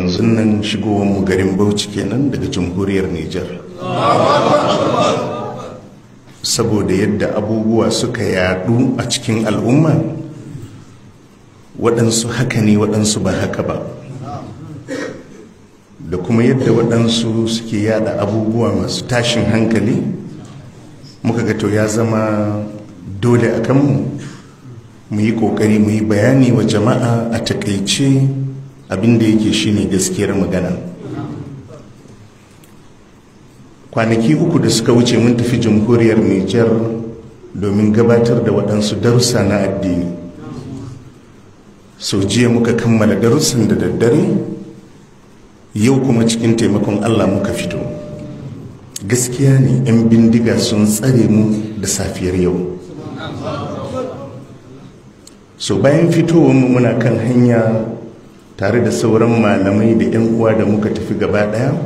yanzu nan shigo mu garin bauchi kenan daga jamhuriyar niger saboda yadda abubuwa suka yadu a cikin al'umma waɗansu haka ne waɗansu ba haka ba da kuma yadda waɗansu suke yada abubuwa masu tashin hankali muka ga to ya zama dole a kanmu mu yi ƙoƙari mu yi bayani wa jama'a a takaice abin da yake shine gaskiyar magana kwanaki uku da suka wuce mun tafi jamhuriyar nijar domin gabatar da waɗansu darussa na addini sau jiya muka kammala darussan da daddare yau kuma cikin taimakon allah muka fito gaskiya ne 'yan bindiga sun tsare mu da safiyar yau so bayan fitowar mu muna kan hanya tare da sauran malamai da 'yan uwa da muka tafi gaba daya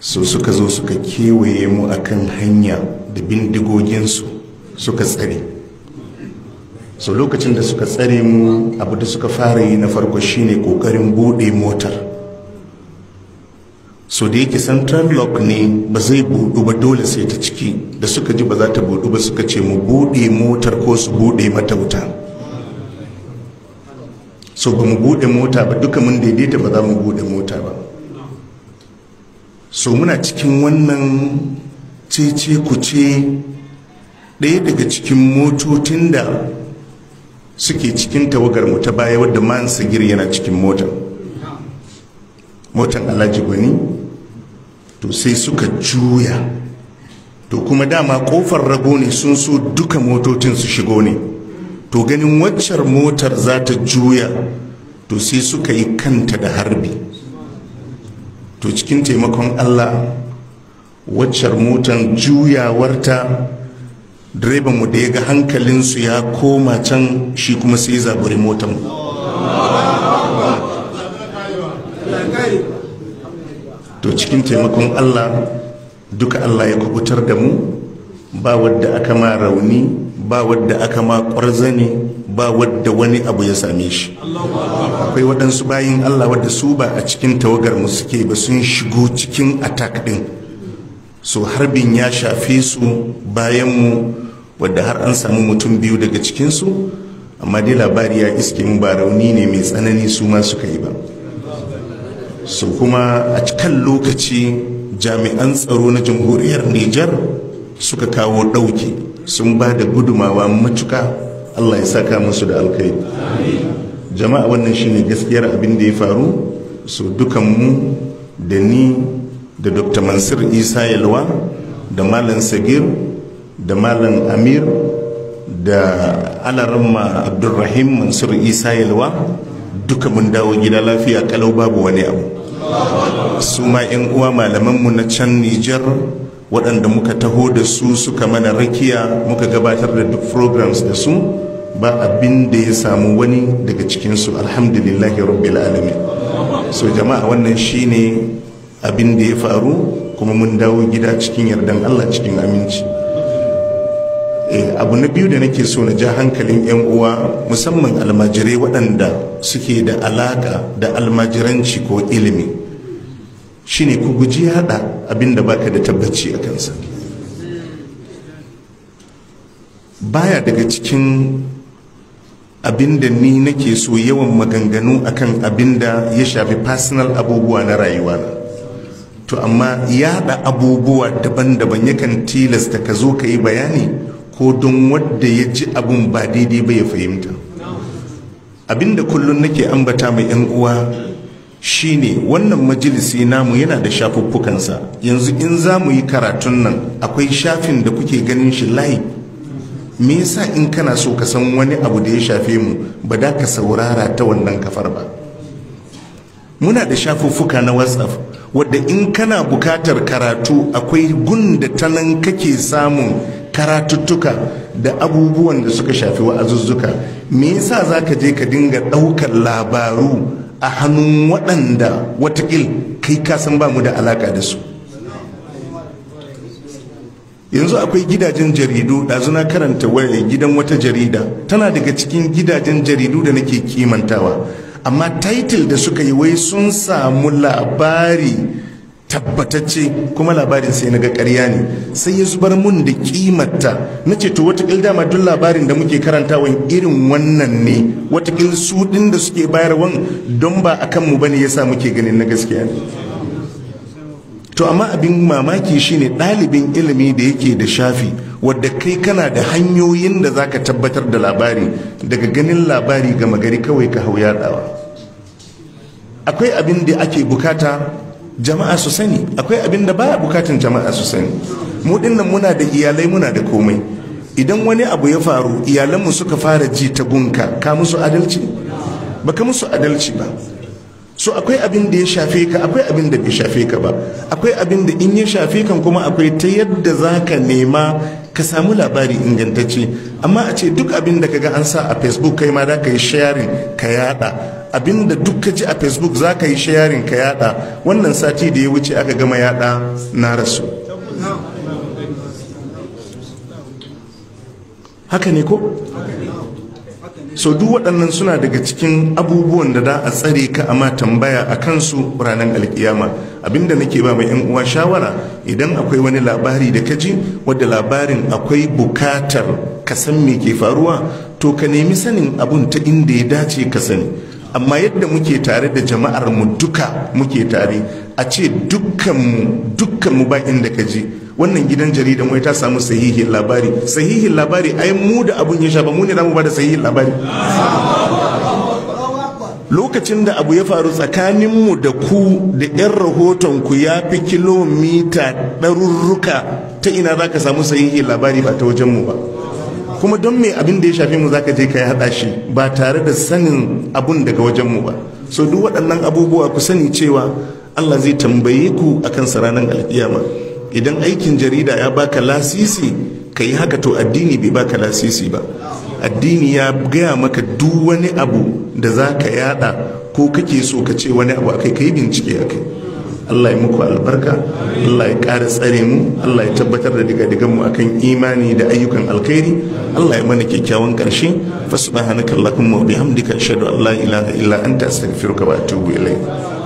so suka zo suka kewaye mu akan hanya da bindigoginsu suka tsare so lokacin da suka tsare mu abu da suka fara yi na farko shine kokarin bude motar so da yake central lock ne ba zai budu ba dole sai ta ciki da suka ji ba za ta budu ba suka ce mu bude motar ko su bude mata wuta so ba mu bude mota ba duka mun daidaita ba za mu bude mota ba so muna cikin wannan cece kuce ɗaya daga cikin motocin da suke cikin tawagar mu ta baya wadda man sigir yana cikin mota. Motan alhaji gwani to sai suka juya to kuma dama kofar rago ne sun so duka motocin su shigo ne to ganin waccar motar za ta juya to sai suka yi kanta da harbi to cikin taimakon allah waccar motar juyawarta direban mu da ya ga hankalinsu ya koma can shi kuma sai ya zaburi motar mu to cikin taimakon allah duka allah ya kubutar da mu ba wadda aka ma rauni ba wadda aka ma ƙwarzani ba wadda wani abu ya same shi akwai waɗansu bayin allah wadda su ba a cikin tawagar mu suke ba sun shigo cikin attack ɗin so harbin ya shafe su bayan mu wadda har an samu mutum biyu daga cikinsu amma dai labari ya iske mu ba rauni ne mai tsanani su ma suka yi ba so kuma a cikin lokaci jami'an tsaro na jamhuriyar nijar suka kawo ɗauki sun ba da gudumawa matuka Allah ya saka musu da alkai jama'a wannan shine gaskiyar abin da ya faru su mu da ni da dr mansur isa yalwa da malam sagir da malam amir da alaramma abdulrahim mansur isa yalwa duka mun dawo gida lafiya kalau babu wani abu su ma 'yan uwa malamanmu na can nijar waɗanda muka taho da su suka mana rakiya muka gabatar da duk programs da su ba abin da ya samu wani daga cikinsu alhamdulillahi rabbil alamin so jama'a wannan shine abin da ya faru kuma mun dawo gida cikin yardan allah cikin aminci eh, abu na biyu da nake so na ja hankalin 'yan uwa musamman almajirai waɗanda suke da alaka da almajiranci ko ilimi shine ku guji yada abin da baka da tabbaci a kansa baya daga cikin abinda ni nake so yawan maganganu akan abin da ya shafi personal abubuwa na rayuwa to amma yada abubuwa daban-daban yakan tilasta ka zo ka yi bayani ko don wadda ya ji abun ba daidai ba ya fahimta abinda kullum nake ambata mai 'yan uwa shine wannan majalisi namu yana da shafuffukansa yanzu in za mu yi karatun nan akwai shafin da kuke ganin shi layi me yasa in kana so ka san wani abu da ya shafe mu ba da ka saurara ta wannan kafar ba muna da shafuffuka na whatsapp wadda in kana bukatar karatu akwai gun da ta nan kake samun karatuttuka da abubuwan da suka shafi wa'azuzzuka me yasa za ka je ka dinga ɗaukar labaru a hannun waɗanda watakil kai kasan ba mu da alaka da su yanzu akwai gidajen jaridu ɗazu na karanta gidan wata jarida tana daga cikin gidajen jaridu da nake kimantawa amma title da suka yi wai sun samu labari tabbatacce kuma labarin sai na ga ƙarya ne sai ya zubar mun da kimarta na ce to watakil dama duk labarin da muke karantawan irin wannan ne watakil su ɗin da suke bayarwan don ba a kanmu ba ne ya sa muke ganin na gaskiya ne to amma abin mamaki shine ɗalibin ilimi da yake da shafi wadda kai kana da hanyoyin da za ka tabbatar da labari daga ganin labari gama gari kawai ka hau yaɗawa akwai abin da ake bukata jama'a su sani akwai abin da baya bukatan jama'a su sani mu dinnan muna da iyalai muna da komai idan wani abu ya faru iyalanmu suka fara ji ta gunka ka musu adalci baka musu adalci ba so akwai abin da ya shafe ka akwai abin da bai shafe ka ba akwai abin da in ya shafe kan kuma akwai ta yadda zaka nema ka samu labari ingantacce amma a ce duk abin da ka ga an sa a facebook kai ma za ka yi sharing ka yada abin da duk ka ji a facebook za ka yi sharing ka yada wannan sati da ya wuce aka gama yada na rasu haka ne ko so duk waɗannan suna daga cikin abubuwan da za a tsare ka amma tambaya a kansu ranar alkiyama abinda nake ba mai yan uwa shawara idan akwai wani labari da kaji wadda labarin akwai bukatar ka san me ke faruwa to ka nemi sanin abun ta inda ya dace ka sani amma yadda muke tare da jama'ar mu duka muke tare a ce dukkanmu ba inda kaji wannan gidan jarida wai ta samu sahihin labari sahihin labari ai mu da abun ya shafa mu ne zamu bada sahihin labari lokacin da abu ya faru tsakanin mu da ku da 'yan rahoton ku ya fi kilomita ɗarurruka ta ina za ka samu sahihin labari ba ta wajenmu ba kuma don me abin da ya shafi mu za ka je ka yi haɗa shi ba tare da sanin abun daga wajen mu ba so duk waɗannan abubuwa ku sani cewa allah zai tambaye ku akan saranan alkiyama idan aikin jarida ya baka lasisi ka yi haka to addini bai baka lasisi ba addini ya gaya maka duk wani abu da za ka yada ko kake so ka ce wani abu akai ka yi bincike akai Allah ya muku albarka Allah ya kara tsare mu Allah ya tabbatar da diga-digan mu akan imani da ayyukan alkhairi Allah ya mana kyakkyawan ƙarshe fa subhanakallahumma wa bihamdika ashhadu an la ilaha illa anta astaghfiruka wa atubu ilayk